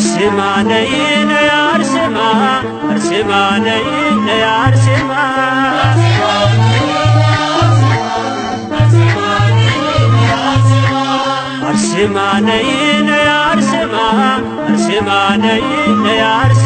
አርሴማ ነይ ነይ አርሴማ አርሴማ ነይ ነይ አርሴማ አርሴማ ነይ ነይ አርሴማ አርሴማ ነይ ነይ አርሴማ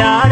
आया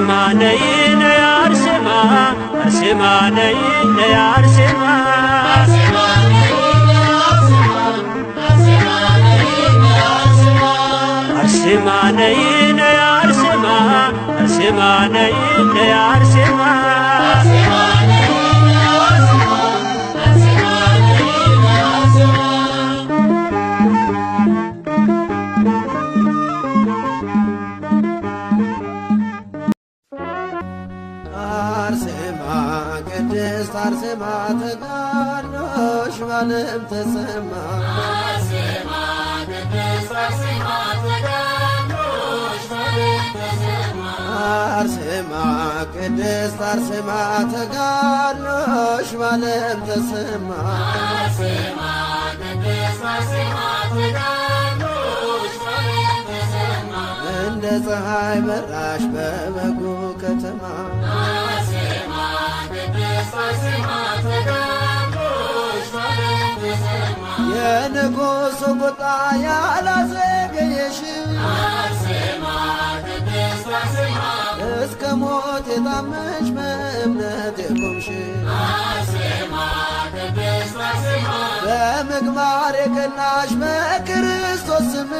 Arsimaneyi ne Arsima Arsimaneyi ne Arsima Arsimaneyi ne Arsima Arsimaneyi ne Arsima ተሰማ አርሴማ ቅድስት አርሴማ ተጋድሎሽ በዓለም ተሰማ እንደ ፀሐይ በራሽ በበጉ ከተማ የንጉሥ ቁጣ ያላዘገየሽ እስከ ሞት የታመንሽ በእምነት የቆምሽ በምግባር የቀናሽ በክርስቶስ ስም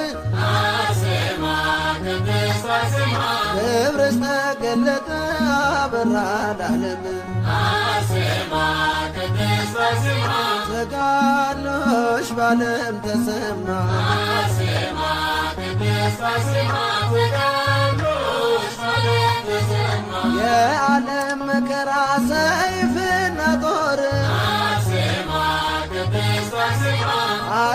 ክብርስ ተገለጠ አበራ ለዓለም ተጋድሎሽ ተሰማ የዓለም መከራ ሰይፍና ጦር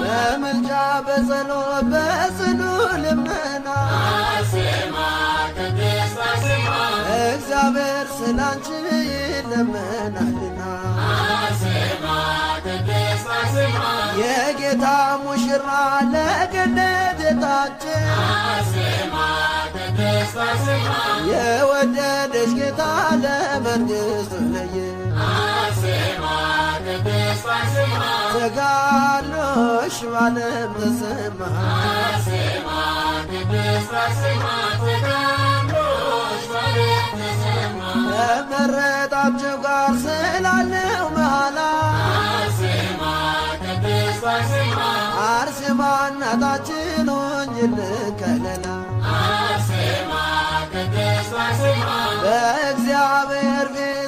በምልጃ በጸሎ በጽኑ ልመና እግዚአብሔር ስላንቺ ይለመናልና የጌታ ሙሽራ ለገነት የታችን የወደደች ጌታ ለመንግሥቱ ነይ ስጋለሽ ባለም ተሰማ ከመረጣቸው ጋር ስላለው መሃላ አርሴማ እናታችን ሆኝልን ከለላ በእግዚአብሔር ቤት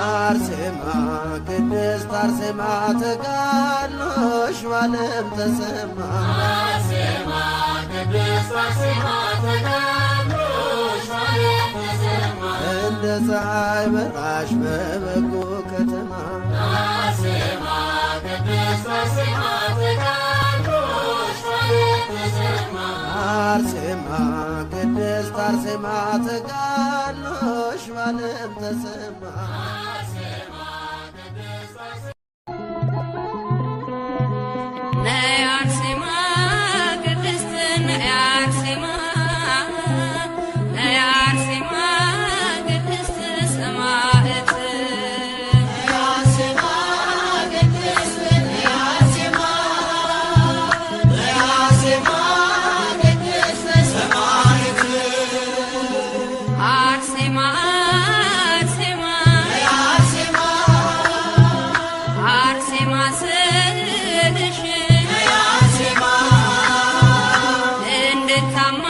አርሴማ ቅድስት አርሴማ ተጋድሎሽ በዓለም ተሰማ። እንደ ፀሐይ በራሽ በበጎ ከተማ አርሴማ ቅድስት አርሴማ ተጋድሎሽ በዓለም ተሰማ It's a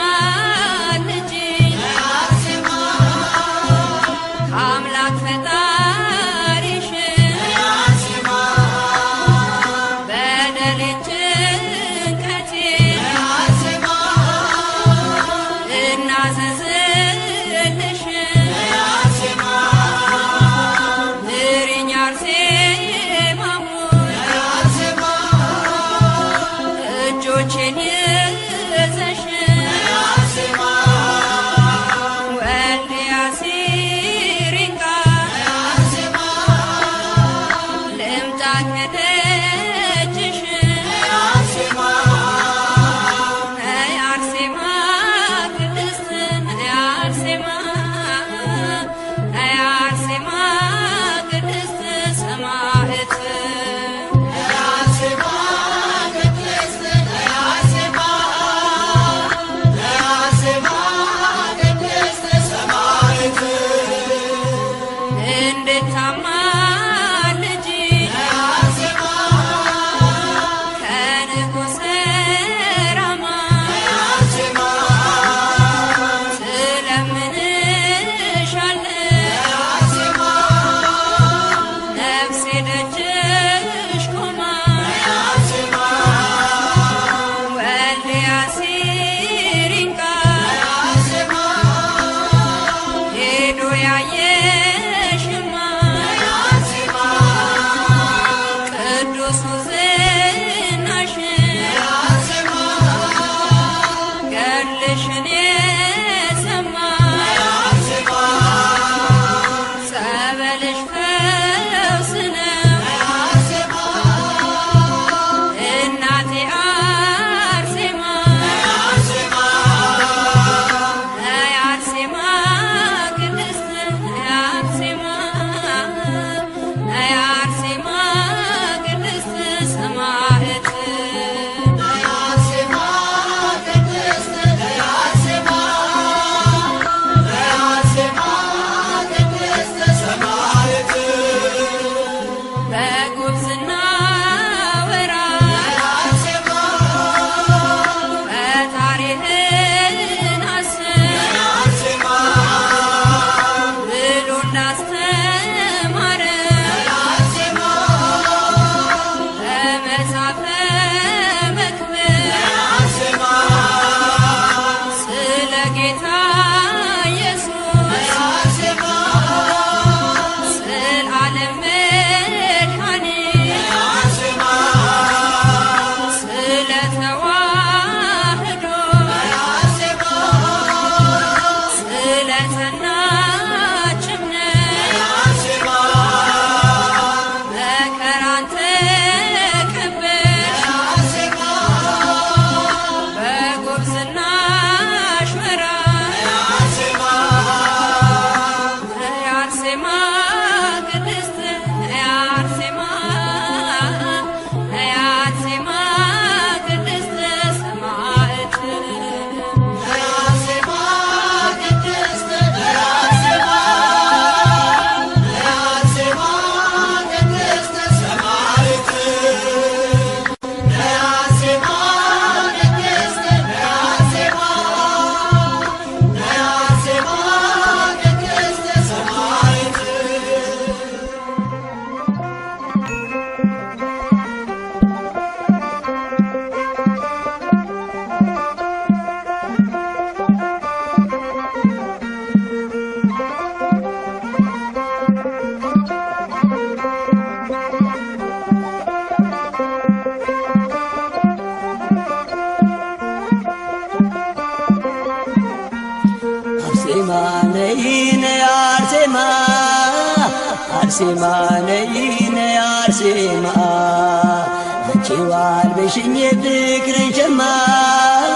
ذكر جمال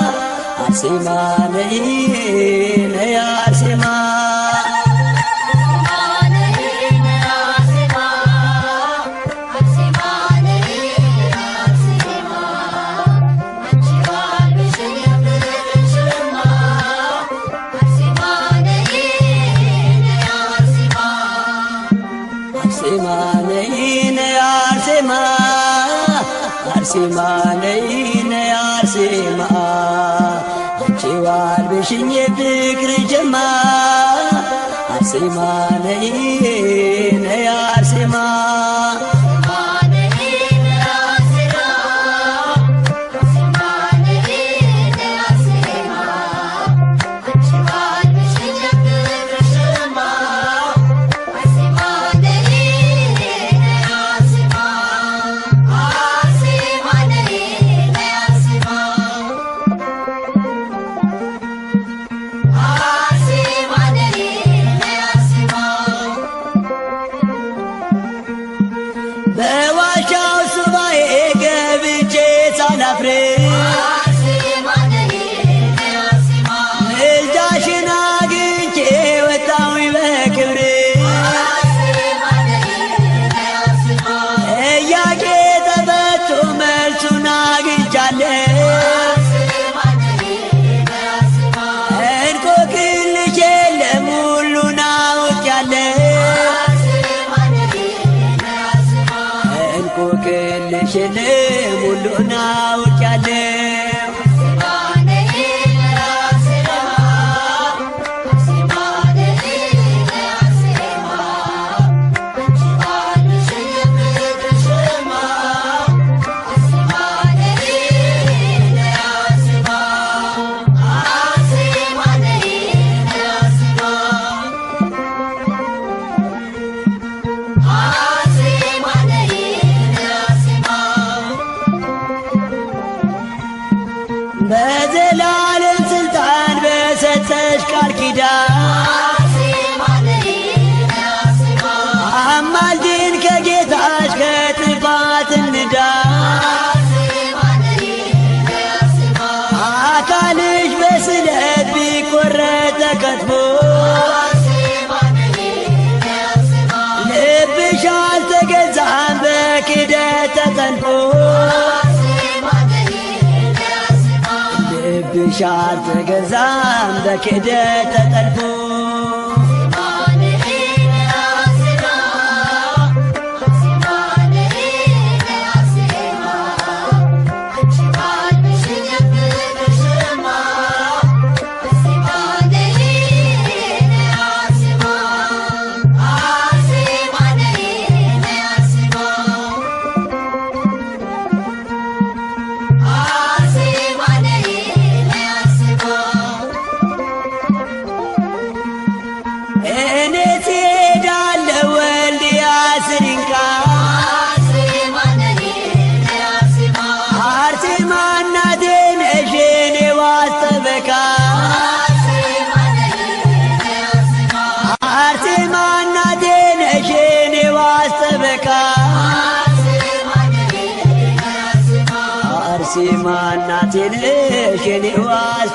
عسمان يا عسمان Simone. شاد قزام ذا كده تتلفون አርሴማ እናቴ ነሽ ዋስ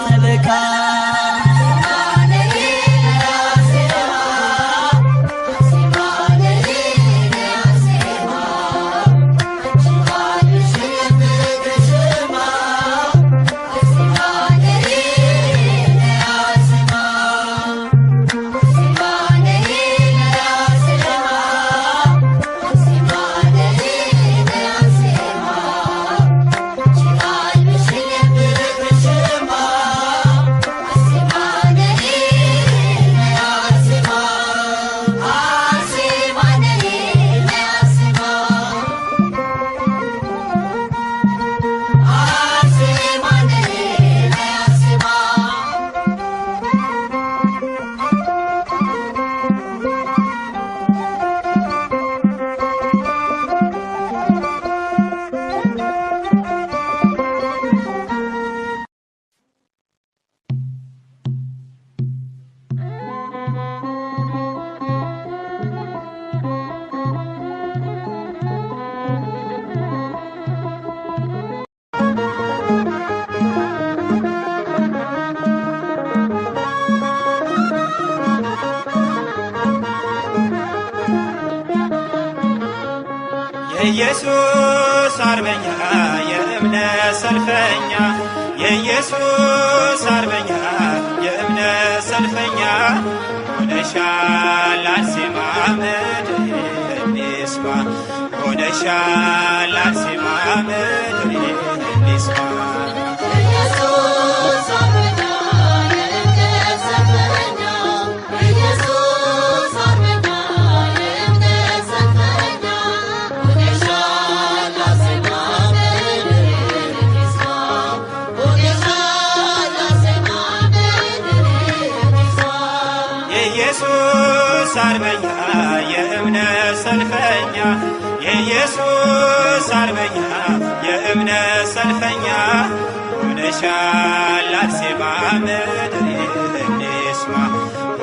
ሆነሻል አርሴማ ምድር እንስማ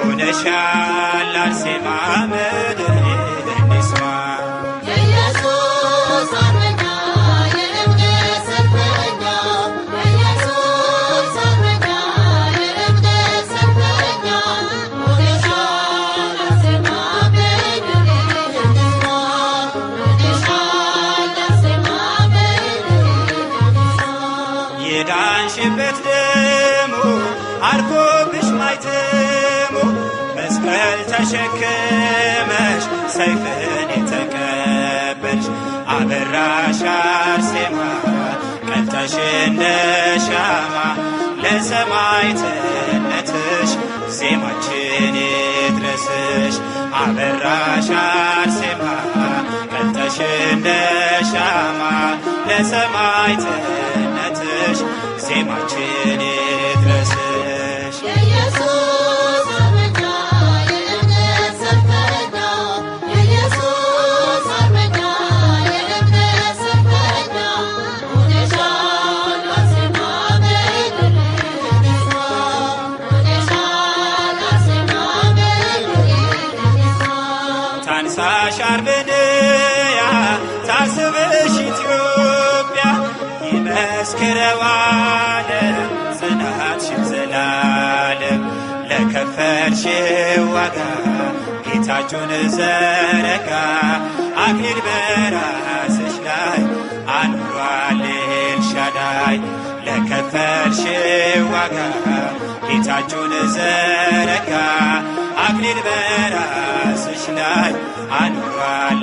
ሆነሻል አርሴማ ምድር በደረቅሽበት ደሙ አርፎብሽ ማይትሙ መስቀል ተሸክመሽ ሰይፍን የተቀበልሽ አበራሽ አርሴማ ቀልጠሽ እንደ ሻማ ለሰማዕትነትሽ ዜማችን ይድረስሽ አበራሽ አርሴማ ቀልጠሽ እንደ ሻማ ለሰማዕትነት ዜማችን ይድረስሽ የኢየሱስ አርበኛ የእምነት ሰልፈኛ የኢየሱስ አርበኛ የእምነት ሰልፈኛ ሆነሻል አርሴማ በድል ገዛ ሆነሻል አርበ መስክረዋለ ጽናትሽን ዘላለም ለከፈልሽው ዋጋ ጌታችሁን ዘረጋ አክሊል በራስሽ ላይ አኑሯል ኤልሻዳይ ለከፈልሽው ዋጋ ዘረጋ አክሊል በራስሽ ላይ አኑሯል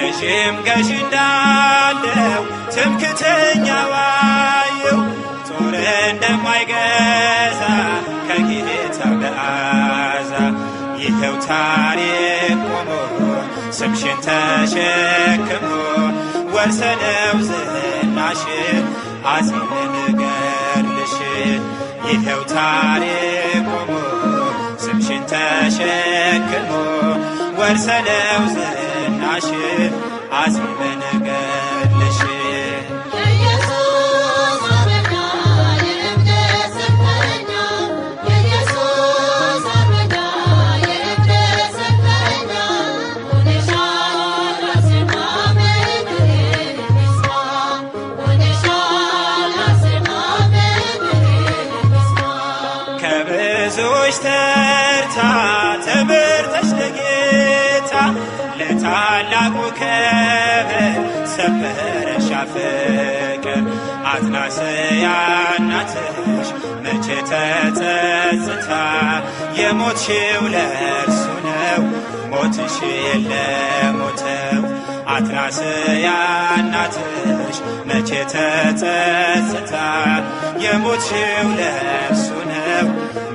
ገሽም ገሽ እንዳለው ትምክተኛ ዋየው ጦር እንደማይገዛ ከጌታው ለአዛ ይኸው ታሪክ ቆሞ ስምሽን ተሸክሞ ወርሰነው ዝናሽን አፄ ልንገርልሽ ይኸው ታሪክ ቆሞ ስምሽን ተሸክሞ ወርሰነው ዳሽ አፄ በነገልሽ ተርታ ነጌ ለታላቁ ክብር ሰበረሽ ፍቅር አትናስያ እናትሽ መቼ ተጸጽታ የሞትሽው ለእርሱ ነው ሞትሽ ለሞተው አትናስያ እናትሽ መቼ ተጸጽታ የሞትሽው ለእርሱ ነው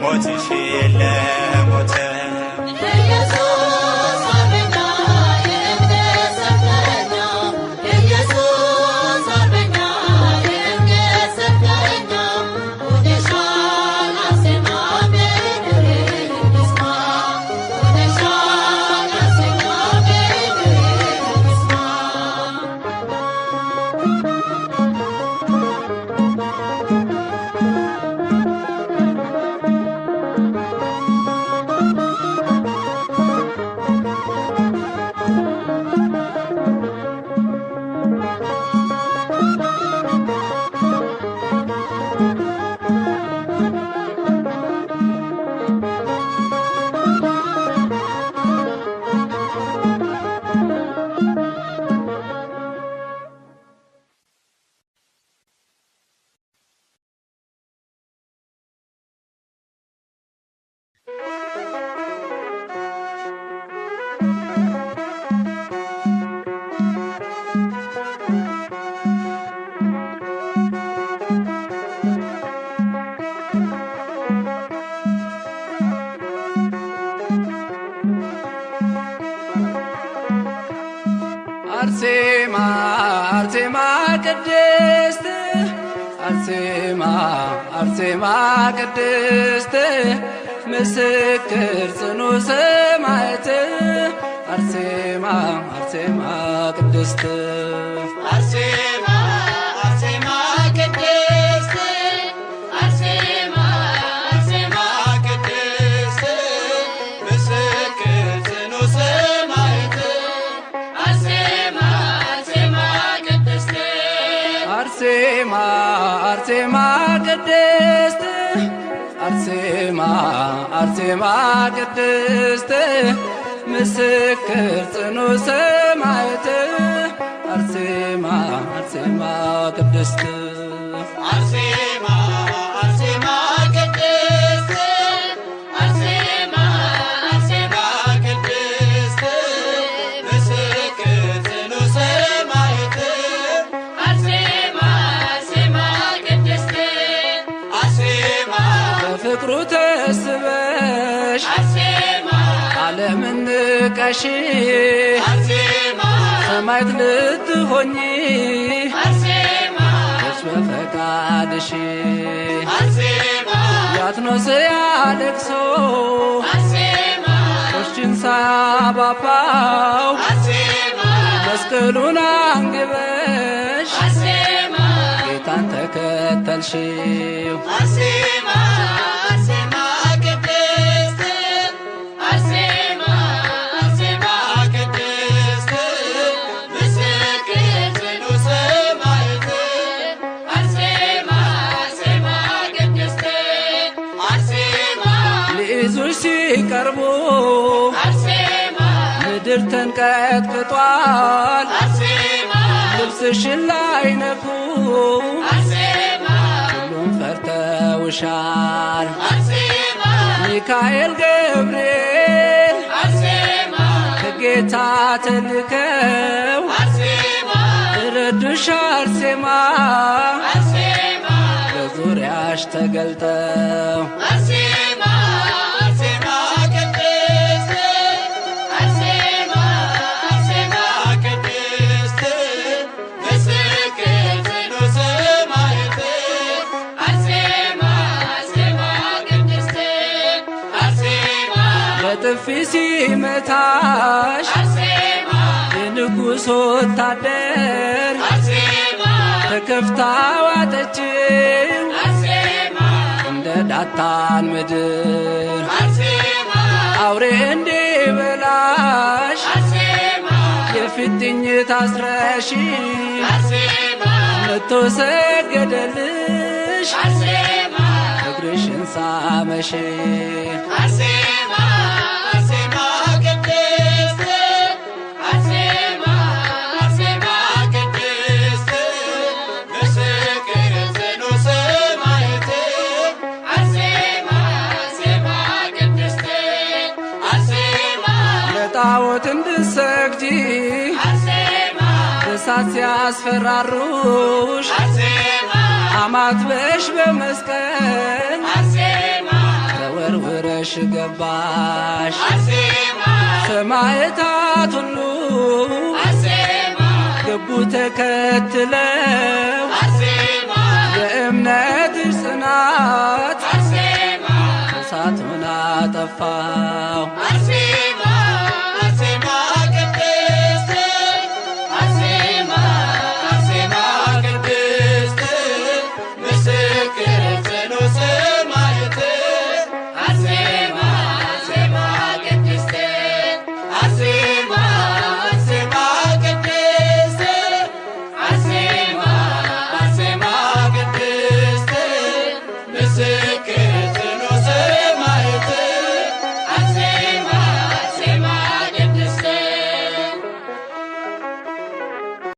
ሞትሽ የለ አርሴማ አርሴማ ቅድስት አርሴማ አርሴማ ቅድስት ምስክር ጽኑ ሰማዕት አርሴማ አርሴማ ቅድስት አርሴማ ቅድስት ምስክር ጽኑ ሰማዕት አርሴማ አርሴማ ቅድስት አርያሽ ሰማይት ልትሆኚ እስመ ፈቃድሽ ያትኖስ ያለቅሶ ሶችን ሳባባው መስቀሉን አንግበሽ ጌታን ተከተልሽው ተንቀጥቅጧል። ልብስሽን ላይ ነፉ፣ ሁሉም ፈርተውሻል። ሚካኤል ገብርኤል ከጌታ ተልከው ረዱሽ አርሴማ በዙሪያሽ ተገልጠው ውለታሽ የንጉሥ ወታደር ተከፍታ ዋጠችው እንደ ዳታን ምድር አውሬ እንዴ በላሽ የፊትኝ ታስረሽ መቶ ሰገደልሽ እግርሽን ሳመሽ ጠላት ሲያስፈራሩሽ አማትበሽ በመስቀል ተወርውረሽ ገባሽ ሰማዕታት ሁሉ ገቡ ተከትለው የእምነት ጽናት እሳቱን አጠፋው። ጠፋው